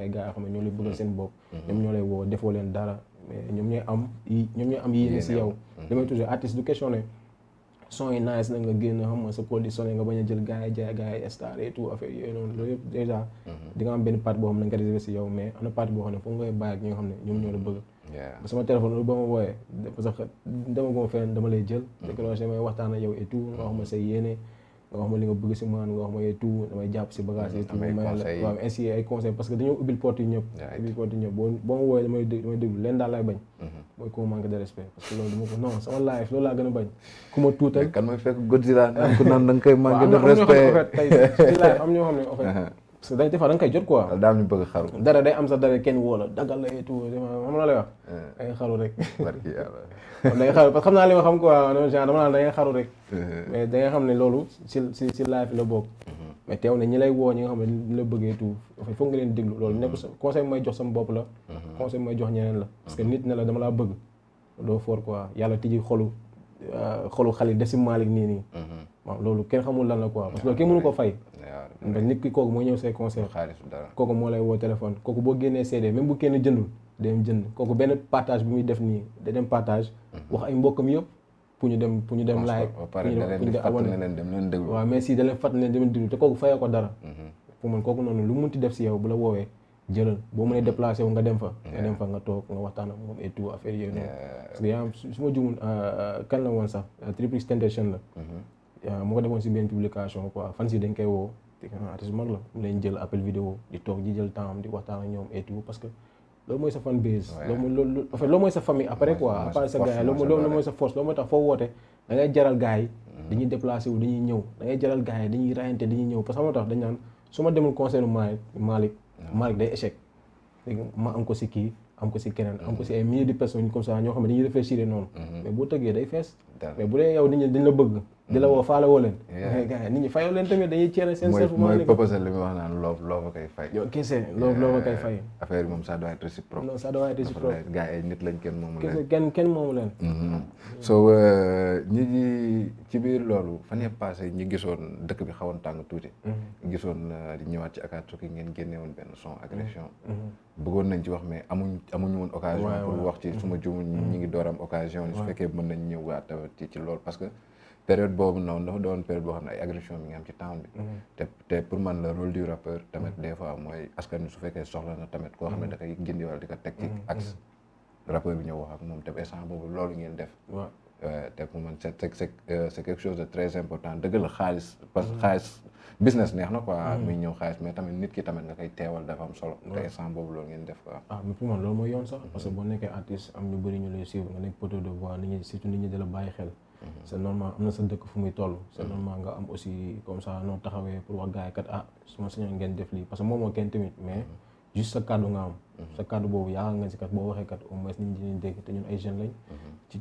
am yi ñoom si yow damay toujours artiste du questionné son yi nice na nga génn xam nga sa conditionné nga bañ a jël gars yi jaay yi star et tout affaire yooyu noonu loolu yëpp déjà mhm. di nga am benn part boo xam ne nga réservé si yow mais am na part boo xam ne foog ngay bàyyi ak ñi nga xam ne ñoom ñoo la bëgg sama téléphone lu ba ma wooyee parce que dama goma dama lay jël mhm. décroché may waxtaan ak yow et tout nga wax ne say yéene nga wax ma li nga bëgg si man nga wax ma tout damay jàpp si bagage yi tout ma la waaw parce que dañoo ubbil porte yi ñëpp ubbil porte yi ñëpp boo boo ma wooyee damay damay déglu leen daal laay bañ mm-hmm. mooy ku manque de respect parce que loolu dama ko non sama life loolu laa gën a bañ ku ma tuutal kan mooy fekk Godzilla naan ko naan da koy manque de respect tey si life am ñoo xam ne en fait parce que dañ des fois da nga koy jot quoi. daal ñu bëgg xaru. dara day am sa dara kenn woo la dagal la et tout xam la lay wax. Eh. ay xaru rek. barki yàlla. xam naa li ma xam quoi non genre dama naan rek. Eh. mais da nga xam ne loolu si si si laaj la bokk. Mm-hmm. mais teew na ñi lay woo ñi nga xam ne ñu la bëggee tout foog nga leen déglu loolu nekk sa mm-hmm. mooy jox sama bopp la. Mm-hmm. conseil may jox ñeneen la. parce que nit ne la dama laa bëgg. doo foor quoi yàlla tijji xolu. Euh, xolu xale def si Malick nii nii. Mhm. waaw loolu kenn xamul lan la quoi parce que loolu kenn mënu ko fay. ndax nit ki kooku moo ñëw say concert. kooku moo lay woo téléphone kooku boo génnee CD même bu kenn jëndul dem jënd kooku benn partage bu muy def nii da dem partage. Mhm. wax ay mbokkam yëpp pour ñu dem pour ñu dem. laaj pour ñu dem waaw mais si da leen fàttali ne dem déglu te kooku fayoo ko dara. Mhm. pour man kooku noonu lu mu munti def si yow bu la woowee. jëlal boo mënee mm-hmm. déplacé wu nga dem fa. nga toog nga waxtaan moom et tout yooyu noonu. parce que su ma jumul euh, euh, kan la woon sax euh, Triple X Tentation la. mu mm-hmm. ko defoon si benn publication quoi fan si dañ koy woo. Ah, la mu leen jël appel vidéo di toog di jël temps am di waxtaan ak ñoom et parce que loolu mooy sa fan base. waaw loolu mooy loolu en fait loolu mooy sa famille après quoi. à part sa gars yi loolu mooy sa force loolu mooy tax foo woote da jaral gars yi. Mm-hmm. dañuy déplacé dañuy ñëw da jaral gars yi dañuy rayante dañuy ñëw parce que su ma demul concert Malick Malick day échec ma am ko si kii am ko si keneen am ko si ay milliers de personnes ñoo xam ne dañuy réfléchir noonu mm-hmm. mais boo tëggee day fees mais bu dee yow dañ la bëgg di la woo faale woo leen. gars leen tamit dañuy cere seen. self mooy mooy proposal li muy wax naan loof loofa koy fay. yow kese loof loofa koy fay. moom ça doit être réciproque. non nit lañ kenn moomu leen. Mm-hmm. so euh, ñi ñi ci biir loolu fan yëpp passé ñi gisoon dëkk bi xawoon tàng tuuti. Mm-hmm. gisoon euh, di ñëwaat ci Akatsuki ngeen génne woon benn son agression. Mm-hmm. bëggoon nañ ci wax mais amuñ amuñu woon occasion. pour wax ci suma jumul ñi ngi door am occasion. su fekkee mën nañ ñëwaat ci ci lool parce que. période boobu noonu dafa doon période boo xam ne ay agression mi ngi am ci town bi mhm. te te pour man le rôle du rappeur tamit mhm. des fois mooy askan su fekkee soxla na tamit koo xam ne mhm. da koy gindi wala di ko teg ci axe rappeur te boobu loolu ngeen def euh, te pour man c'est c'est euh, c'est quelque chose de très important dëgg la xaalis parce que xaalis business neex na quoi muy ñëw xaalis mais tamit nit ki tamit nga koy teewal dafa am solo te instant boobu loolu ngeen def quoi ah mais pour man loolu mooy yoon sax parce boo nekkee ñu de voix nit xel Mhm. c' est normal am na sa dëkk fu muy toll c' mhm. normal nga am aussi comme ça noo taxawee pour wax gars yi kat ah suma sañoon ngeen def lii parce que moomoo kenn tamit mais mhm. juste sa kàddu nga am sa kàddu boobu yaakaar nga si kat boo waxee kat au moins nit ñi dinañ dégg te ñun ay jeunes lañ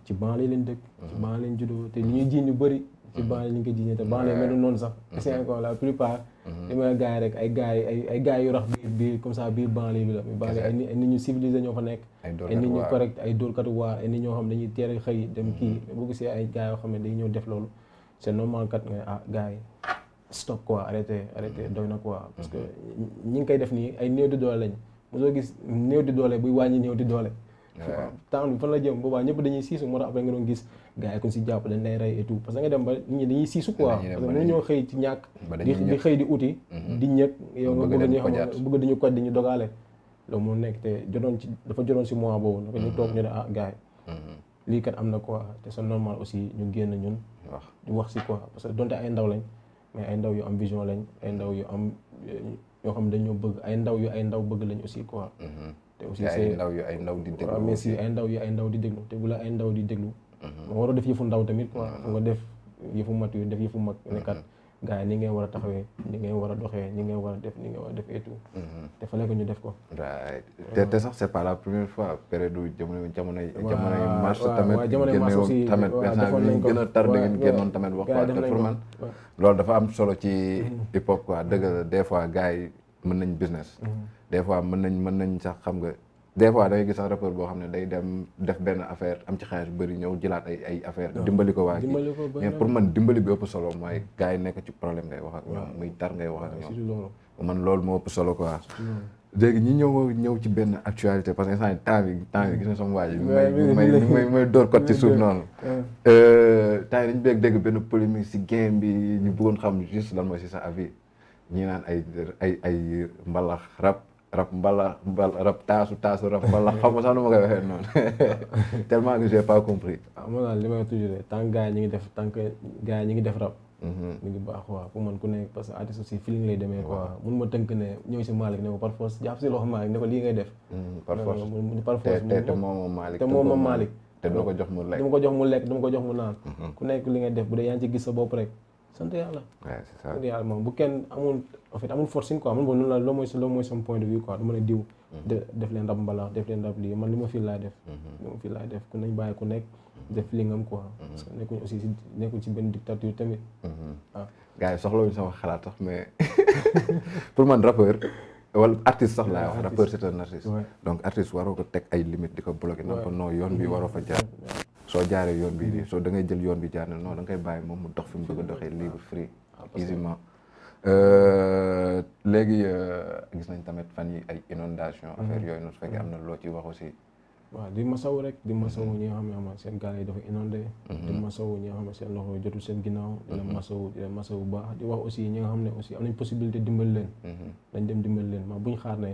ci ban lañ leen dëkk ci ban lañ juddoo te li ñuy jiin ñu bëri ci banlieue ñu ngi koy jiiñee te banlieue mel noonu sax c'est mm-hmm. encore la plupart li may gars rek ay gars yi biir biir comme ça biir banlieue bi la mais banlieue ñu civilisé ñoo fa nekk ay nit ñu ñoo xam dañuy teel a xëy dem mm-hmm. kii boo gisee ay yoo xam ne dañuy ñëw def loolu c'est normal kat nga arrêté ah, arrêté mm-hmm. doy na quoi parce que ñi ngi koy def nii ay néew di doole gis néew di doole buy wàññi néew di doole temps bi fan la jëm boobaa ñëpp dañuy siisu moo tax après nga doon gis gars yi ko si jàpp dañ lay rey et tout parce que nga dem ba nit ñi dañuy siisu quoi parce que mënu ñoo xëy ci ñàkk di xëy di uti mhm. di ñëkk yow nga bëgg dañuy xam dañu koj dañu dogaale loolu moo nekk te jotoon ci dafa jotoon si mois boobu naka ñu mhm. toog ñu ne ah gaa yi mhm. lii kat am na quoi te c'est normal aussi ñu génn ñun wax di wax si quoi parce que donte ay ndaw lañ mais ay ndaw yu am vision lañ ay ndaw yu am yoo xam dañoo bëgg ay ndaw yu ay ndaw bëgg lañ aussi quoi te aussi c'est ay yu ay ndaw di déglu ndaw yu ay ndaw di déglu te bu la ndaw di déglu nga war a def yëfu ndaw tamit quoi nga def yëfu mat yu def yëfu mag nekkat mm-hmm. gaa yi ni ngay war a taxawee ni ngay war a doxee ni ngay war def ni ngay war a def et mm-hmm. te fallait ñu def ko sax c'est pas la première fois période jamono jamono jamonoy mars tamit génnewoon tamit personne yi gën a tardé ngeen génnoon tamit wax quoi te pour man loolu dafa am solo ci mm-hmm. hip hop quoi dëgg la des fois gars yi mën nañ business des fois mën nañ mën nañ sax xam nga des fois da ngay gis sax rappeur boo xam ne day dem def benn affaire am ci xaalis bu bëri ñëw jëlaat ay ay affaire ah, dimbali ko waa kii mais pour man dimbali bi ëpp solo mooy gars yi nekk ci problème ngay wax ak ñoom ah, muy tar ngay wax ak ah, ñoom man loolu moo ëpp solo quoi léegi ñi ñëw ñëw ci benn actualité parce que instant temps bi temps bi gis na sama waa ji may may door kot ci suuf noonu euh, temps yi dañu bëgg benn polémique si game bi ñu bëggoon xam juste lan mooy si sa avis ñi naan ay ay ay mbalax rab rap mbala mbala rap taasu taasu rap mbala xam nga sax nu ma koy waxee noonu tellement que j'ai pas ah, li may toujours tant que gars yi ñu ngi def tant que gars yi ñu ngi def rap. Mhm. ñu ne parce que artiste ma tënk ne ñëw si Malick ne ko par force jàpp si loxo Malick ne lii ngay def. Mhm, par moom Malick te moom Malick. te dama ko jox mu lekk dama ko jox mu ko jox mu naan. Mhm. ku nekk li ngay def bu dee yaa ngi ci gis sa bopp rek. sant yàlla. waaw bu kenn amul en fait amul forcing quoi man bon la loo mooy loo mooy sama point de vue quoi du ma diw. Mm-hmm. def leen rab mbala def leen rab lii man li ma fii laay def. Mm-hmm. li ma fii def ku nañ bàyyi ku nekk. Mm-hmm. def li ngam quoi. parce nekkuñ si nekkuñ ci benn dictature tamit. waaw ah. gars yi soxlawuñ sama xalaat sax mais pour man rappeur. wala artiste sax laa wax rappeur c'est un artiste. donc artiste waroo ko teg ay limites di ko bloqué. waaw naan ko non yoon bi waroo fa jaar. soo jaaree yoon bi nii mm. da ngay jël yoon bi jaar na non da ngay bàyyi moom mu dox fi mu bëgg a doxee ah, libre free ah, euh, léegi euh, gis nañ tamit fan yi ay inondation mm-hmm. affaire yooyu noonu su fekkee am na loo ci wax aussi waaw di masawu rek di masawu mm-hmm. ñi nga xam ne ama seen gaal yi dafa inondé mm-hmm. di masawu ñi xam ne seen loxo jotul seen ginnaaw di leen masawu di leen baax di wax aussi ñi nga xam ne aussi am nañ possibilité dimbali leen dañ dem dimbali leen ma buñ xaar ne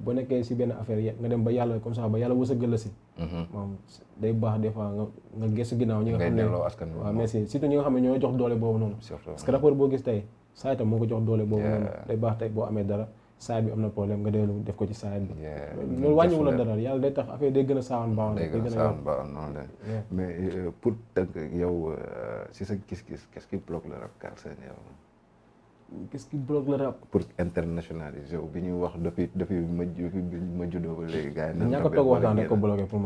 ba nekkee si benn affaire nga dem ba yàlla comme ça ba yàlla wësëgal la si. Mhm. moom day baax des fois nga nga gëstu ginnaaw. ñi nga xam ne waaw merci surtout ñi xam ne ñoo jox doole boobu noonu. parce que rapport boo gis tey saa itam moo ko jox doole boobu noonu. day baax tey boo amee dara saa bi am na problème nga dellu def ko ci saa bi. loolu wàññiwul la dara yàlla day tax affaire day gën a saawan baawan. noonu la euh, pour tënk yow euh, si sa gis-gis qu'est-ce qui bloque le rap qu'est-ce qui bloque le pour internationaliser wu bi ñuy wax depuis depuis ma juddoo ba léegi gars yi. nan mm-hmm. a toog waxtaan rek ko bloqué pour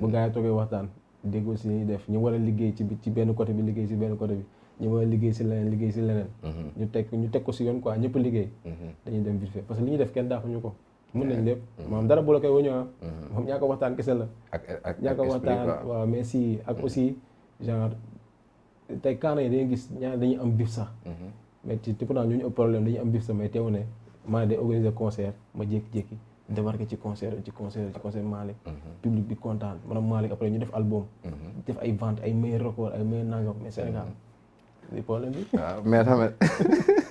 bu gars yi waxtaan déggoo si ñuy def ñu war a liggéey ci ci benn côté bi liggéey si benn côté bi ñu war a liggéey si leneen liggéey si leneen. Mm-hmm. ñu teg ñu teg ko si yoon quoi ñëpp liggéey. Mm-hmm. dañuy dem vite parce que li ñuy def kenn daafuñu ko. mën nañ lépp maanaam dara bloqué wu ñu ah. moom ñàkk a waxtaan kese la. ak ak ñàkk a waxtaan waaw mais ak aussi genre. tey kaana yi dañuy gis ñaar dañuy am bif sax. Mhm. mais ci ci pourtant ñu ñu ëpp problème dañuy am bif sax mais teewu ne maa day organiser concert ma jékki-jékki. débarqué ci ci concert ci concert Malick. Mhm. public bi kontaan maanaam après ñu def album. Mhm. def ay vente ay meilleurs records ay meilleurs nangam mais Sénégal. di problème bi. waaw mais tamit.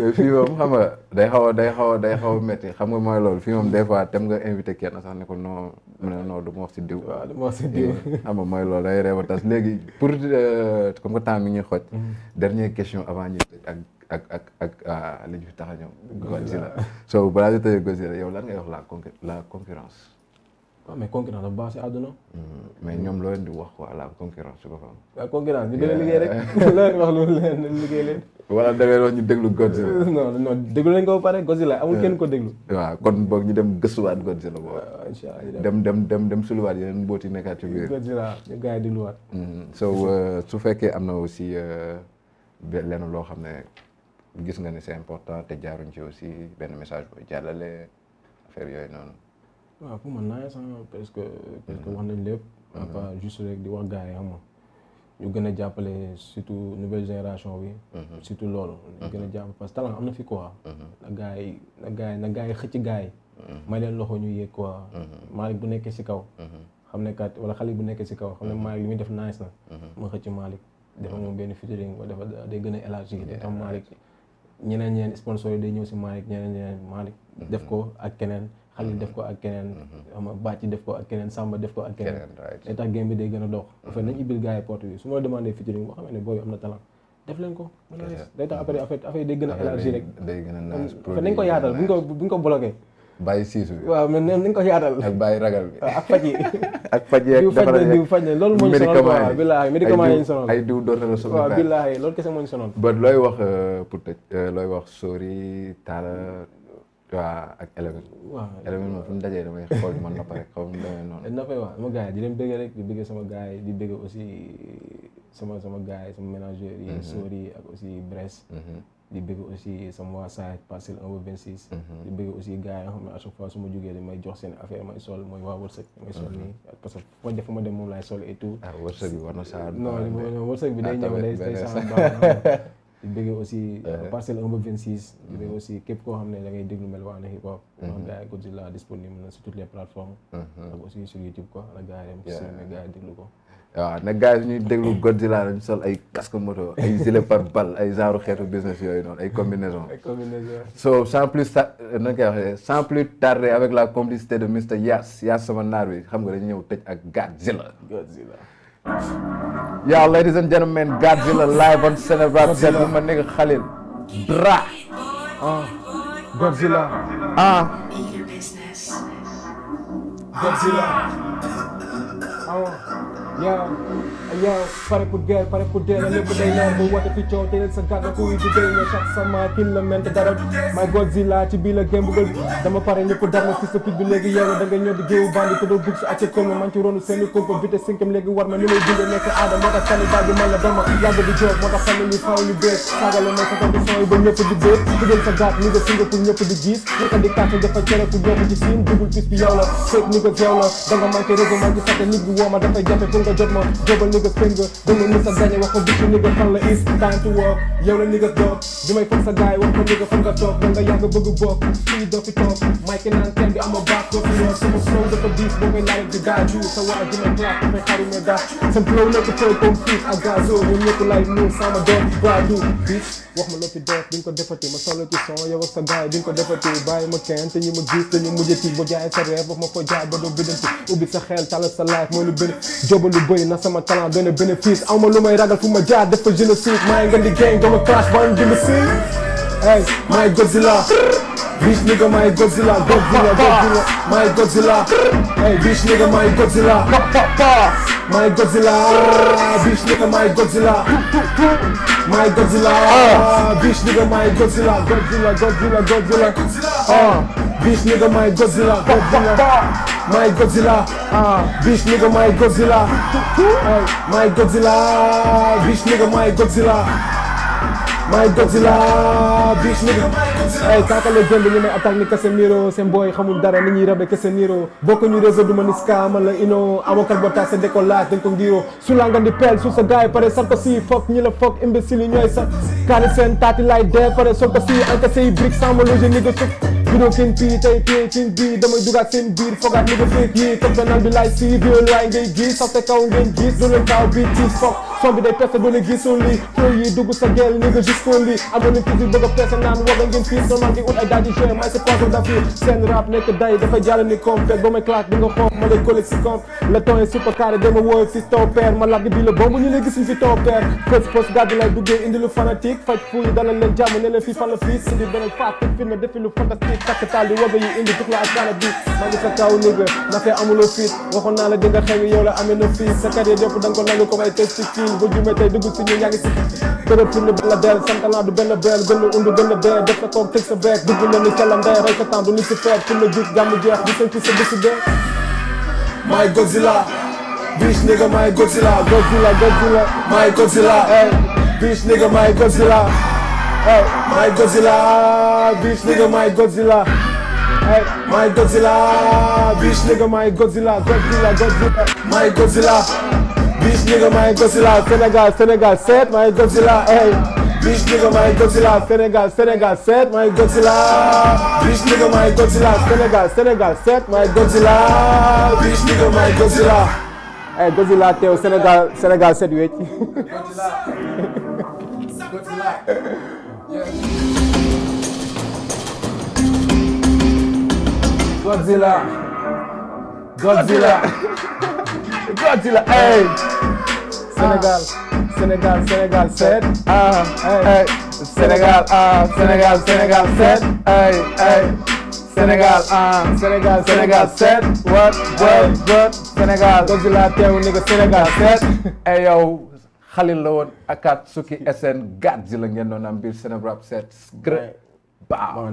fii moom xam nga day xaw day xaw a day xaw a métti xam nga mooy loolu fii moom des fois dem nga invité kenn sax ne ko non mu ne non du ma wax si diw. waaw du ma wax si eh, tas léegi pour euh, comme que temps mi ñuy xooj. Mm-hmm. dernière question avant ñuy tëj ak ak ah, li ñu fi tax a ñëw. Godzilla soo balaa ñu tëjee yow lan ngay wax la la concurrence. waaw ah, mais concurrence dafa baax si àdduna. Hmm, mais ñoom loo leen di wax quoi la concurrence su ko fa am. waaw ñu gën a liggéey wax loolu leen liggéey leen. wala da ñu déglu Godzilla. non non déglu nañ ko ba pare Godzilla amul kenn ko déglu. waaw kon boog ñu dem gëstuwaat Godzilla boobu. waaw ah, incha allah dem dem dem dem suluwaat yeneen mbooti nekkaat ci biir. Godzilla ñu gars yi dégluwaat. Hmm, so uh, su fekkee am na aussi uh, lenn loo xam ne gis nga ne c'est important te jaaruñ ci aussi benn message booy jàllale affaire yooyu noonu. waaw pour man naa yàlla parce que wax nañ lépp. à mm-hmm. rek di wax gars yi xam nga ñu gën a jàppale surtout nouvelle génération bi. Mm-hmm. surtout loolu. gën a mm-hmm. jàppale parce que talent am na fi quoi. na gars yi na gars yi na gars yi xëcc gars yi. may leen loxo ñu yëg yéeg quoi. Malick bu nekkee si kaw. xam ne kat wala xale bu nekkee si kaw xam ne Malick li muy def nice na. ma xëcc malik dafa moom benn featuring wala dafa day gën a élargi day tax Malick ñeneen ñeneen sponsor yi day ñëw si Malick ñeneen ñeneen Malick def ko ak keneen. Khalil def ko ak keneen. xam mhm. nga Bàcci def ko ak keneen Samba def ko ak keneen. day tax game bi day gën a dox. bu mhm. fekkee nañ ibbil gars yi porte bi su ma la demandé featuring boo xamee ne booy am na talent. def leen ko day tax après affaire yi day gën a élargi rek. day gën a naaj produit nañ ko yaatal buñ ko buñ ko bloqué. bàyyi siisu bi waaw mais nañ ko yaatal. ak bàyyi ragal bi ak faj yi. ak faj yeeg defar yeeg diw faj na loolu moo ñu sonal quoi billaahi médicament yi ñu sonal ay diw doon na la sonal waaw billaahi loolu kese moo ñu sonal. ba looy wax euh, pour tëj euh, looy wax sori taala waa ak Element. waaw Element moom fu mu dajee damay xool man Napa rek xaw ma demee noonu. Napa waaw sama gars yi rek di sama gars yi di aussi sama sama gars yi sama ménageur yi. Mhm. Sori ak aussi Bress. Mhm. di bëgg aussi sama waa Saaj parcelle 1 ba mhm. di bëgg aussi gars yi xam ne chaque fois su ma jugee li may jox seen affaire may sol mooy waa wërsëg. may sol nii parce que fu ma def fu ma dem moom laay sol et tout. ah wërsëg bi war na saa. non wërsëg bi day ah, ñëw day day saa di bëggee aussi. Euh, uh-huh. parcelle 1 ba 26. di bëggee uh-huh. aussi képp koo xam ne da ngay déglu mel wax na hip hop. donc gars yi Godzilla disponible na sur toutes les plateformes. Uh-huh. ak aussi sur YouTube quoi la gars yi dem. waaw waaw gars yi déglu ko. waaw nag gars yi ñuy déglu Godzilla lañ sol ay casque moto ay gilet par balle ay genre xeetu business yooyu noonu ay combinaison ay combinaison so sans plus ta euh, nan koy waxee sans plus avec la complicité de Mr Yass Yass sama naar bi xam nga dañu ñëw tëj ak Godzilla Godzilla Yeah, ladies and gentlemen, Godzilla live on Senegal. Godzilla. my nigga Khalil. Bra. Ah, Godzilla. Ah. ah. yow pare pour guerre pare pour dee la lépp day leer bu woote fi coow te sa gàdda ku di day ne bi léegi da nga ñëw la ni ko geew la da nga manqué réseau man ci satte nit bi woo dafay jafe pour nga jot ma jóbal niggas finger dama mës a gañe wax ko bitch nigga fan la is time to work yow la niggas doog bi may foog sa gaay wax ko nigga fan nga toog da nga yàgg bëgg bokk fii doo fi toog Mike naan kenn bi ama baax doo fi yor sama flow dafa diis boo koy laaj di gaaju sa waa ji may clap dafay xaru ne daa sa flow nekk fël comme fii ak gazo ñoom ñëpp lay muur sama doom waadu bitch wax ma loo fi def duñ ko defati ma solo ci son yow ak sa gaay duñ ko defati bàyyi ma kenn te ñi ma gis te ñu mujjati ba jaay sa reer wax ma ko jaay ba doo bidanti ubbi sa xel talal sa life mooy lu bëri jobalu bëy na sama talent benn bénéfice aw ma lu may ragal fu ma jaar def fa génocide maa ngi di gang dama clash ba am jënd si. hey maay Godzilla. bitch nigga maay Godzilla Godzilla Godzilla maay Godzilla. hey bitch nigga maay Godzilla. maay Godzilla bitch nigga maay Godzilla. maay Godzilla bitch nigga maay Godzilla Godzilla Godzilla Godzilla. Ah. Bitch nigga my Godzilla Godzilla My Godzilla ah Bitch nigga my Godzilla My Godzilla Bitch my Godzilla My Godzilla Bitch nigga ay taakale jënd ñu ne attaque ni Casemiro seen booy xamul dara ni ñuy rabe Casemiro bokk ñu réseau du ma ni ska man la ino amokat ba tax sa décollage dañ ko ngiro su la nga di peel su sa gaay pare sal ko si ñi la foog imbécile yi ñooy sa kaari seen taati laay dee pare sol ko si encaissé yi brique sans ma bidoog seen pii tey pii seen biir damay dugaat seen biir fogaat li nga féeg yii comme danaan bi laay sii viol waay ngay gis sax te kaw ngeen gis doo leen kaaw bi ci foog son bi day pese ba la gisoon lii kii yi dugg sa gel ni nga gis koon lii amoon nañ pisi bëgg a pese naan waga ngeen fii normal di ut ay daal di joué may si pose dafi seen rap nekk day dafa jàll ni complet ba may classe di nga xool ma lay collègue si compte le temps est super carré dama wooy si ton père ma lagg di la bomb ñu lay gisuñ fi ton père pos pos gàddu lay duggee indi lu fanatique faj fuuy dana leen jàmm ne leen fii fan la fii si di beneen faat fi na defi lu fantastique takk taal di waga yi indi tuxla ak kaana bi maa ngi sa kaw nigga nafee amuloo fiit waxoon naa la di nga xewi yow la amee na fii sa carrière yëpp da nga ko nangu comme ay testicule bu jume tey dugg si ñu yaa ngi si bërëb pour ne la del santalaa du benn beel gën la undu gën la dee def sa koog teg sa beek dugg la ni calam day rey sa temps du ni si feet pour ne jug jàmm jeex di sëñ ci sa bési dee maay Godzilla bitch nigga maay Godzilla Godzilla Godzilla maay Godzilla ey eh. bitch nigga maay Godzilla Hey, my Godzilla, bitch nigga, my Godzilla. Hey, my Godzilla, bitch nigga, my Godzilla, Godzilla, Godzilla, my Godzilla. Bitch nigga, my Godzilla, Sénégal, Sénégal, set, my Godzilla, hey. Bitch nigga, my Godzilla, Sénégal, Sénégal, set, my Godzilla. Bitch nigga, my Godzilla, Sénégal, Sénégal, set, my Godzilla. Bitch nigga, my Godzilla. Hey, Godzilla teew Sénégal, Sénégal set wecc. Godzilla. Godzilla. Godzilla. Godzilla. Godzilla. Hey. Sénégal. Sénégal, Sénégal, set. Ah, hey. Sénégal, ah, Sénégal, Sénégal, set. Hey, hey. Sénégal, ah, Sénégal, Sénégal, set. What, what, what? Sénégal. Godzilla teew ni ko Sénégal, set. Hey, yo. Xalil la woon Akatsuki SN Godzilla ngeen doon am biir Senewrap set. skrë baaw.